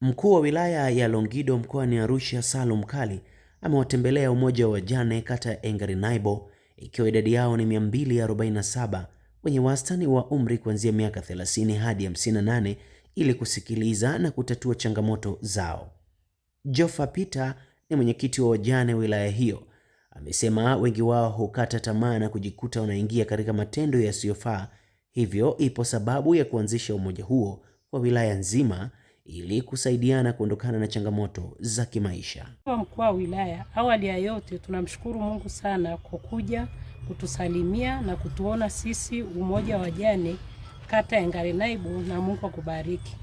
Mkuu wa wilaya ya Longido mkoani Arusha Salum Kali amewatembelea umoja wa wajane kata ya Engarenaibo ikiwa idadi yao ni 247 wenye wastani wa umri kuanzia miaka 30 hadi 58 ili kusikiliza na kutatua changamoto zao. Jofa Peter ni mwenyekiti wa wajane wilaya hiyo, amesema wengi wao hukata tamaa na kujikuta wanaingia katika matendo yasiyofaa, hivyo ipo sababu ya kuanzisha umoja huo kwa wilaya nzima ili kusaidiana kuondokana na changamoto za kimaisha. Kwa mkuu wa wilaya, awali ya yote tunamshukuru Mungu sana kwa kuja kutusalimia na kutuona sisi umoja wa jane kata ya Ngarenaibu, na Mungu akubariki.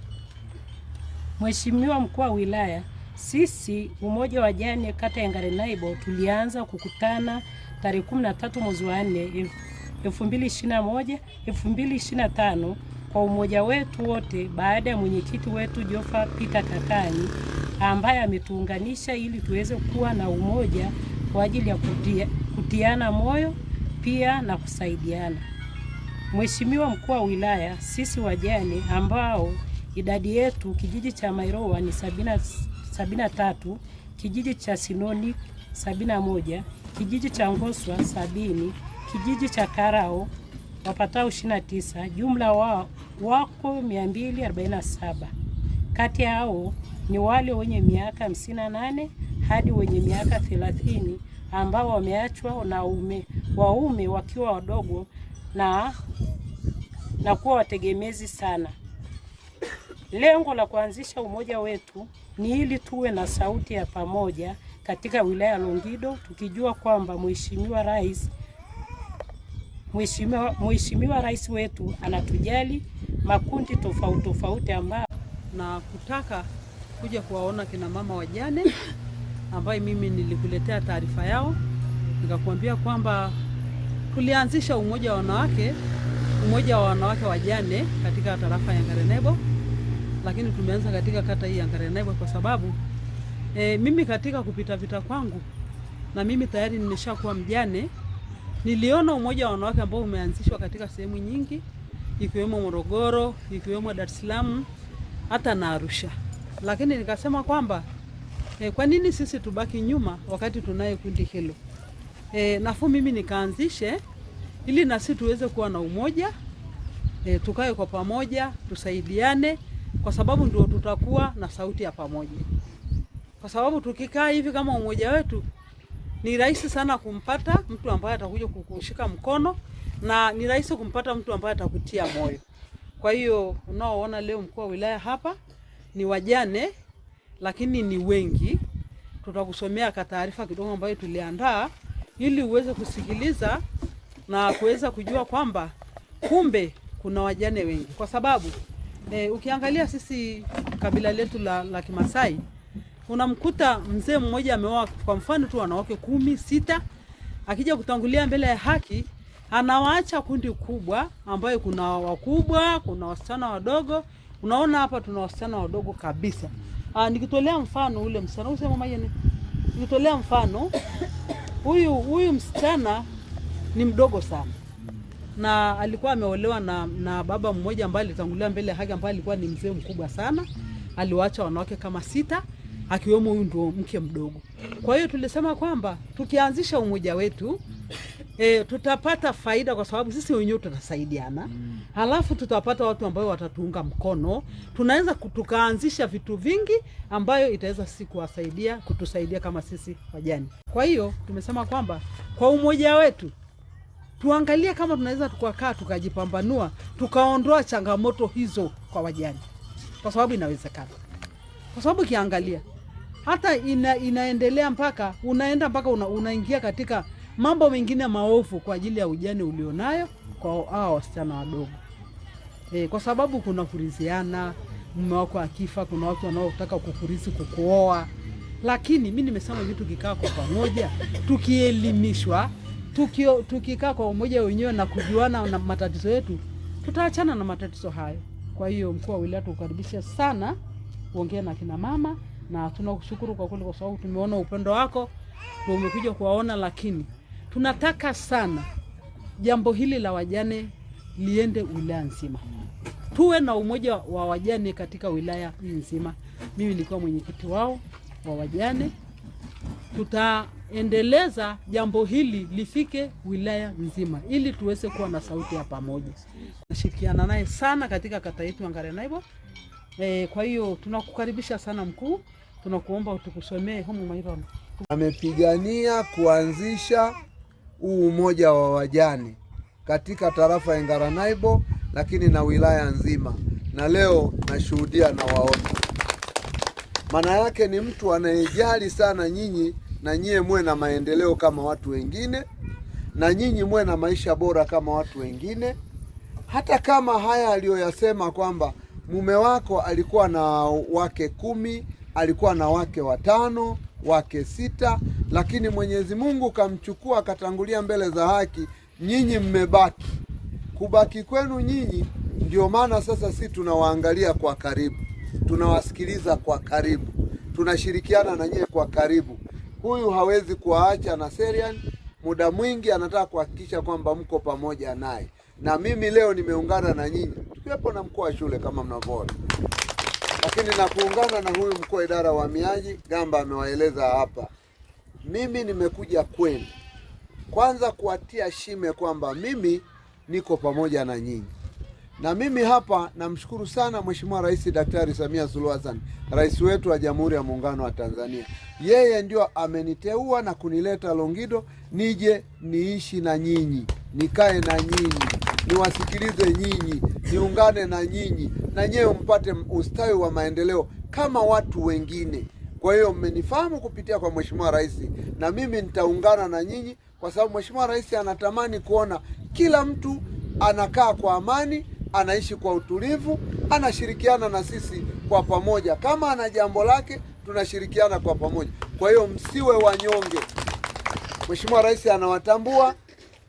Mheshimiwa mkuu wa wilaya, sisi umoja wa jane kata ya Ngarenaibu tulianza kukutana tarehe 13 mwezi wa 4 2021 2025 kwa umoja wetu wote baada ya mwenyekiti wetu jofa Peter Kakani ambaye ametuunganisha ili tuweze kuwa na umoja kwa ajili ya kutia, kutiana moyo pia na kusaidiana. Mheshimiwa mkuu wa wilaya, sisi wajane ambao idadi yetu kijiji cha Mairoa ni tatu kijiji cha Sinoni moja, kijiji cha Ngoswa sabini, kijiji cha Karao wapatao 29, jumla wa, wako 247. Kati yao ni wale wenye miaka 58 hadi wenye miaka 30 ambao wameachwa na ume, waume wakiwa wadogo na, na kuwa wategemezi sana. Lengo la kuanzisha umoja wetu ni ili tuwe na sauti ya pamoja katika wilaya ya Longido, tukijua kwamba Mheshimiwa Rais Mheshimiwa, Mheshimiwa Rais wetu anatujali makundi tofauti tofauti ambayo na kutaka kuja kuwaona kina mama wajane ambaye mimi nilikuletea taarifa yao nikakuambia kwamba tulianzisha umoja wa wanawake umoja wa wanawake wajane katika tarafa ya Ngarenebo, lakini tumeanza katika kata hii ya Ngarenebo kwa sababu e, mimi katika kupita vita kwangu na mimi tayari nimeshakuwa mjane. Niliona umoja wa wanawake ambao umeanzishwa katika sehemu nyingi ikiwemo Morogoro, ikiwemo Dar es Salaam hata na Arusha, lakini nikasema kwamba e, kwa nini sisi tubaki nyuma wakati tunaye kundi hilo? e, eh, nafu mimi nikaanzishe ili na sisi tuweze kuwa na umoja e, tukae kwa pamoja, tusaidiane kwa sababu ndio tutakuwa na sauti ya pamoja, kwa sababu tukikaa hivi kama umoja wetu ni rahisi sana kumpata mtu ambaye atakuja kukushika mkono na ni rahisi kumpata mtu ambaye atakutia moyo. Kwa hiyo unaoona leo mkuu wa wilaya hapa ni wajane, lakini ni wengi. Tutakusomea ka taarifa kidogo ambayo tuliandaa ili uweze kusikiliza na kuweza kujua kwamba kumbe kuna wajane wengi, kwa sababu eh, ukiangalia sisi kabila letu la, la Kimasai unamkuta mzee mmoja ameoa kwa mfano tu wanawake kumi sita, akija kutangulia mbele ya haki anawaacha kundi kubwa, ambayo kuna wakubwa, kuna wasichana wadogo. Unaona hapa tuna wasichana wadogo kabisa. Aa, ah, nikitolea mfano ule msichana usema mama yeye, nikitolea mfano huyu huyu msichana ni mdogo sana, na alikuwa ameolewa na, na baba mmoja ambaye alitangulia mbele ya haki, ambaye alikuwa ni mzee mkubwa sana, aliwaacha wanawake kama sita akiwemo huyu ndio mke mdogo. Kwa hiyo tulisema kwamba tukianzisha umoja wetu e, tutapata faida kwa sababu sisi wenyewe tutasaidiana mm. halafu tutapata watu ambao watatuunga mkono, tunaweza tukaanzisha vitu vingi ambayo itaweza sisi kuwasaidia kutusaidia kama sisi wajani. Kwa hiyo tumesema kwamba kwa umoja wetu tuangalie kama tunaweza tukakaa tukajipambanua tukaondoa changamoto hizo kwa wajani, kwa sababu inawezekana, kwa sababu ukiangalia hata ina, inaendelea mpaka unaenda mpaka una, unaingia katika mambo mengine maovu kwa ajili ya ujani ulionayo kwa hao wasichana wadogo e, kwa sababu kuna kuriziana. Mume wako akifa, kuna watu wanaotaka kukurizi, kukuoa. Lakini mi nimesema vitu kikaa kwa pamoja, tukielimishwa, tukikaa kwa umoja wenyewe na kujuana na matatizo yetu, tutaachana na matatizo hayo. Kwa hiyo mkuu wa wilaya tukukaribisha sana uongee na kina mama na tunakushukuru kwa kweli, kwa sababu tumeona upendo wako na umekuja kuwaona, lakini tunataka sana jambo hili la wajane liende wilaya nzima, tuwe na umoja wa wajane katika wilaya nzima. Mimi nilikuwa mwenyekiti wao wa wajane, tutaendeleza jambo hili lifike wilaya nzima ili tuweze kuwa na sauti ya pamoja. Nashirikiana naye sana katika kata yetu ya Ngarenaibo. E, eh, kwa hiyo tunakukaribisha sana mkuu tunakuomba utukusomee humu maivama. Amepigania kuanzisha huu umoja wa wajane katika tarafa ya Ngaranaibo, lakini na wilaya nzima, na leo nashuhudia na waona. Maana yake ni mtu anayejali sana nyinyi, na nyie muwe na maendeleo kama watu wengine, na nyinyi muwe na maisha bora kama watu wengine. Hata kama haya aliyoyasema kwamba mume wako alikuwa na wake kumi alikuwa na wake watano, wake sita, lakini Mwenyezi Mungu kamchukua akatangulia mbele za haki. Nyinyi mmebaki. Kubaki kwenu nyinyi ndio maana sasa si tunawaangalia kwa karibu, tunawasikiliza kwa karibu, tunashirikiana na nyie kwa karibu. Huyu hawezi kuwaacha na Serian, muda mwingi anataka kuhakikisha kwamba mko pamoja naye. Na mimi leo nimeungana na nyinyi, tukiwepo na mkuu wa shule kama mnavyoona. Lakini na kuungana na huyu mkuu wa idara ya uhamiaji Gamba amewaeleza hapa, mimi nimekuja kwenu kwanza kuwatia shime kwamba mimi niko pamoja na nyinyi, na mimi hapa namshukuru sana Mheshimiwa Rais Daktari Samia Suluhu Hassan, rais wetu wa Jamhuri ya Muungano wa Tanzania. Yeye ndio ameniteua na kunileta Longido nije niishi na nyinyi, nikae na nyinyi, niwasikilize nyinyi, niungane na nyinyi na nyewe mpate ustawi wa maendeleo kama watu wengine. Kwa hiyo mmenifahamu kupitia kwa Mheshimiwa Rais, na mimi nitaungana na nyinyi kwa sababu Mheshimiwa Rais anatamani kuona kila mtu anakaa kwa amani, anaishi kwa utulivu, anashirikiana na sisi kwa pamoja. Kama ana jambo lake tunashirikiana kwa pamoja. Kwa hiyo msiwe wanyonge. Mheshimiwa Rais anawatambua,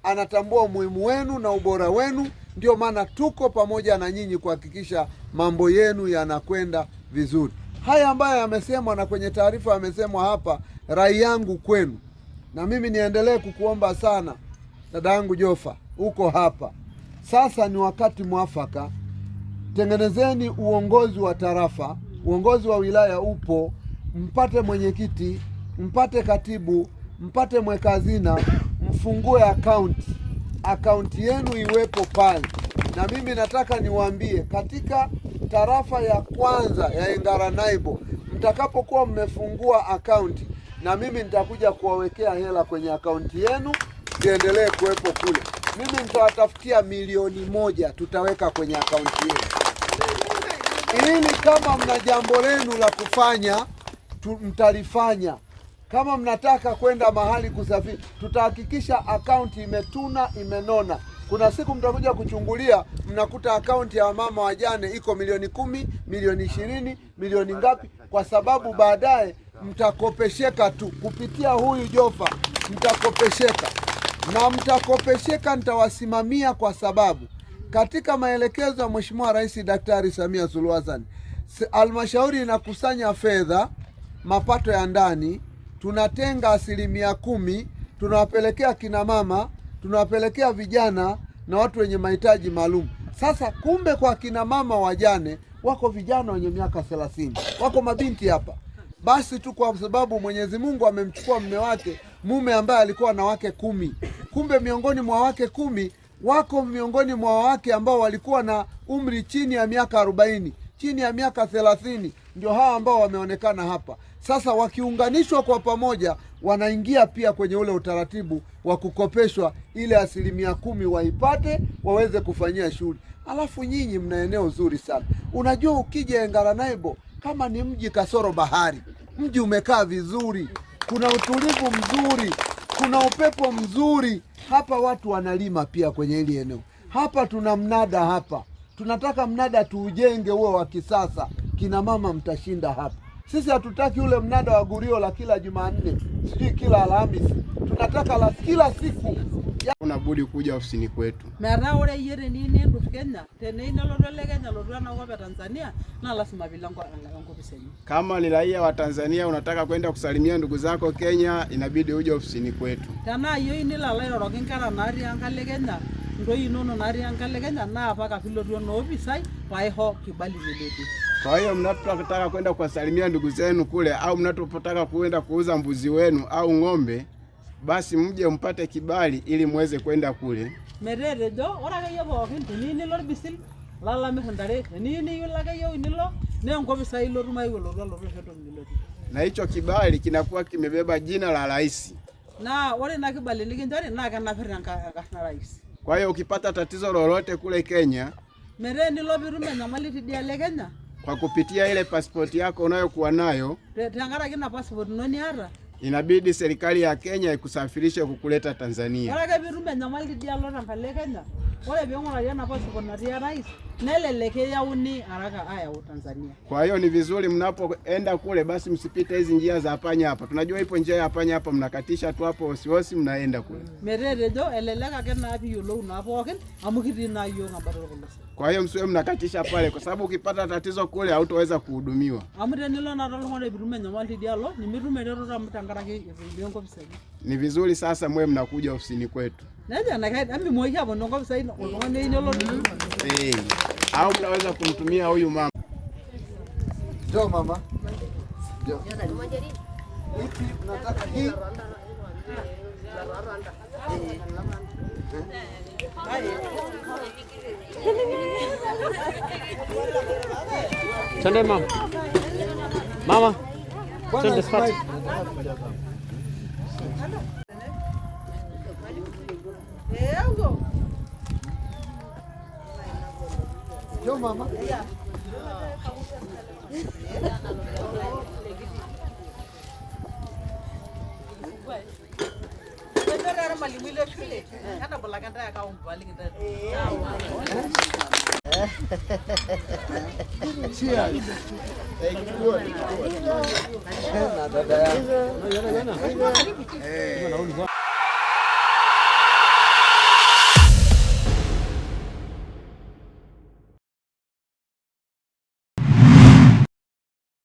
anatambua umuhimu wenu na ubora wenu. Ndio maana tuko pamoja na nyinyi kuhakikisha mambo yenu yanakwenda vizuri. Haya ambayo yamesemwa na kwenye taarifa yamesemwa hapa, rai yangu kwenu, na mimi niendelee kukuomba sana, dada yangu Jofa, uko hapa sasa, ni wakati mwafaka. Tengenezeni uongozi wa tarafa, uongozi wa wilaya upo, mpate mwenyekiti, mpate katibu, mpate mweka hazina, mfungue akaunti akaunti yenu iwepo pale, na mimi nataka niwaambie, katika tarafa ya kwanza ya Engaranaibo mtakapokuwa mmefungua akaunti, na mimi nitakuja kuwawekea hela kwenye akaunti yenu ziendelee kuwepo kule. Mimi nitawatafutia milioni moja, tutaweka kwenye akaunti yenu, ili kama mna jambo lenu la kufanya mtalifanya kama mnataka kwenda mahali kusafiri, tutahakikisha akaunti imetuna, imenona. Kuna siku mtakuja kuchungulia, mnakuta akaunti ya mama wajane iko milioni kumi, milioni ishirini, milioni ngapi? Kwa sababu baadaye mtakopesheka tu kupitia huyu Jofa, mtakopesheka na mtakopesheka, nitawasimamia kwa sababu katika maelekezo ya Mheshimiwa Rais Daktari Samia Suluhu Hassan, halmashauri inakusanya fedha, mapato ya ndani tunatenga asilimia kumi tunawapelekea kina mama, tunawapelekea vijana na watu wenye mahitaji maalum. Sasa kumbe kwa kina mama wajane wako vijana wenye miaka thelathini, wako mabinti hapa. Basi tu kwa sababu Mwenyezi Mungu amemchukua mume wake, mume ambaye alikuwa na wake kumi. Kumbe miongoni mwa wake kumi wako miongoni mwa wake ambao walikuwa na umri chini ya miaka arobaini, chini ya miaka thelathini, ndio hawa ambao wameonekana hapa. Sasa wakiunganishwa kwa pamoja, wanaingia pia kwenye ule utaratibu wa kukopeshwa, ile asilimia kumi waipate waweze kufanyia shughuli. Alafu nyinyi mna eneo zuri sana. Unajua, ukija Engaranaibo kama ni mji kasoro bahari, mji umekaa vizuri, kuna utulivu mzuri, kuna upepo mzuri. Hapa watu wanalima pia kwenye hili eneo. Hapa tuna mnada hapa, tunataka mnada tuujenge huo wa kisasa. Kina mama mtashinda hapa. Sisi hatutaki ule mnada wa gurio la kila Jumanne, sijui kila Alhamisi, tunataka la kila siku. Una budi kuja ofisini kwetu metaa ore ni ni niindut Kenya, tena ina lolo le Kenya lotu enakop e Tanzania na lazima pilo ngo enye. Kama ni raia wa Tanzania unataka kwenda kusalimia ndugu zako Kenya, inabidi uje ofisini kwetu. Tenaa hiyo ni la leo nkera natii enkalo e Kenya ntoyie inonok natii enkalo e Kenya naa mpaka pilotu ono opisai paiho kibali miliki. Kwa hiyo mnatotaka kwenda kuwasalimia ndugu zenu kule au mnatotaka kuenda kuuza mbuzi wenu au ng'ombe, basi mje mpate kibali ili muweze kwenda kule metetejo ore akeyie pookin teniyieu nilo irbisil lalamirr intare teniyiu nilo akeyie nilo nee enkopis ake ilotu maeu alotu alotu aisho entoki nilotu na hicho kibali kinakuwa kimebeba jina la rais, na ore ina kibali nikinchori naa kenapir enkarna rais. Kwa hiyo ukipata tatizo lolote kule Kenya mereni lovirume nyamali tidiale Kenya kwa kupitia ile pasipoti yako unayokuwa nayo tangaraki na pasipoti noni ara inabidi serikali ya Kenya ikusafirishe kukuleta Tanzania arake virume nyamali tidialo tangale Kenya Ore peing'urari ena nafasi natii orais nelelek eyauni haraka ayau Tanzania. Kwa hiyo ni vizuri mnapoenda kule, basi msipite hizi njia za panya hapa. Tunajua ipo njia ya panya hapa, mnakatisha tu hapo osiosi, mnaenda kule metetejo elelek ake naa piyolou naa pookin amu kitii naa yiok embata Kwa hiyo msiwe mnakatisha pale, kwa sababu ukipata tatizo kule hautoweza kuhudumiwa, amu tenilo naa toltung'ani pitum enyamali tidialo nimitum eretoto amu tenkaraki etuudo enkopis enye. Ni vizuri sasa mwe mnakuja ofisini kwetu. Naja na mimi mwekea mm. eh. Au mnaweza kumtumia huyu mama. Njoo mama. Njoo. Hiki tunataka hii. Twende mama. Mama. Twende spot. Eu? Yo, mama. Cheers. Thank you. Nada, nada. Hey.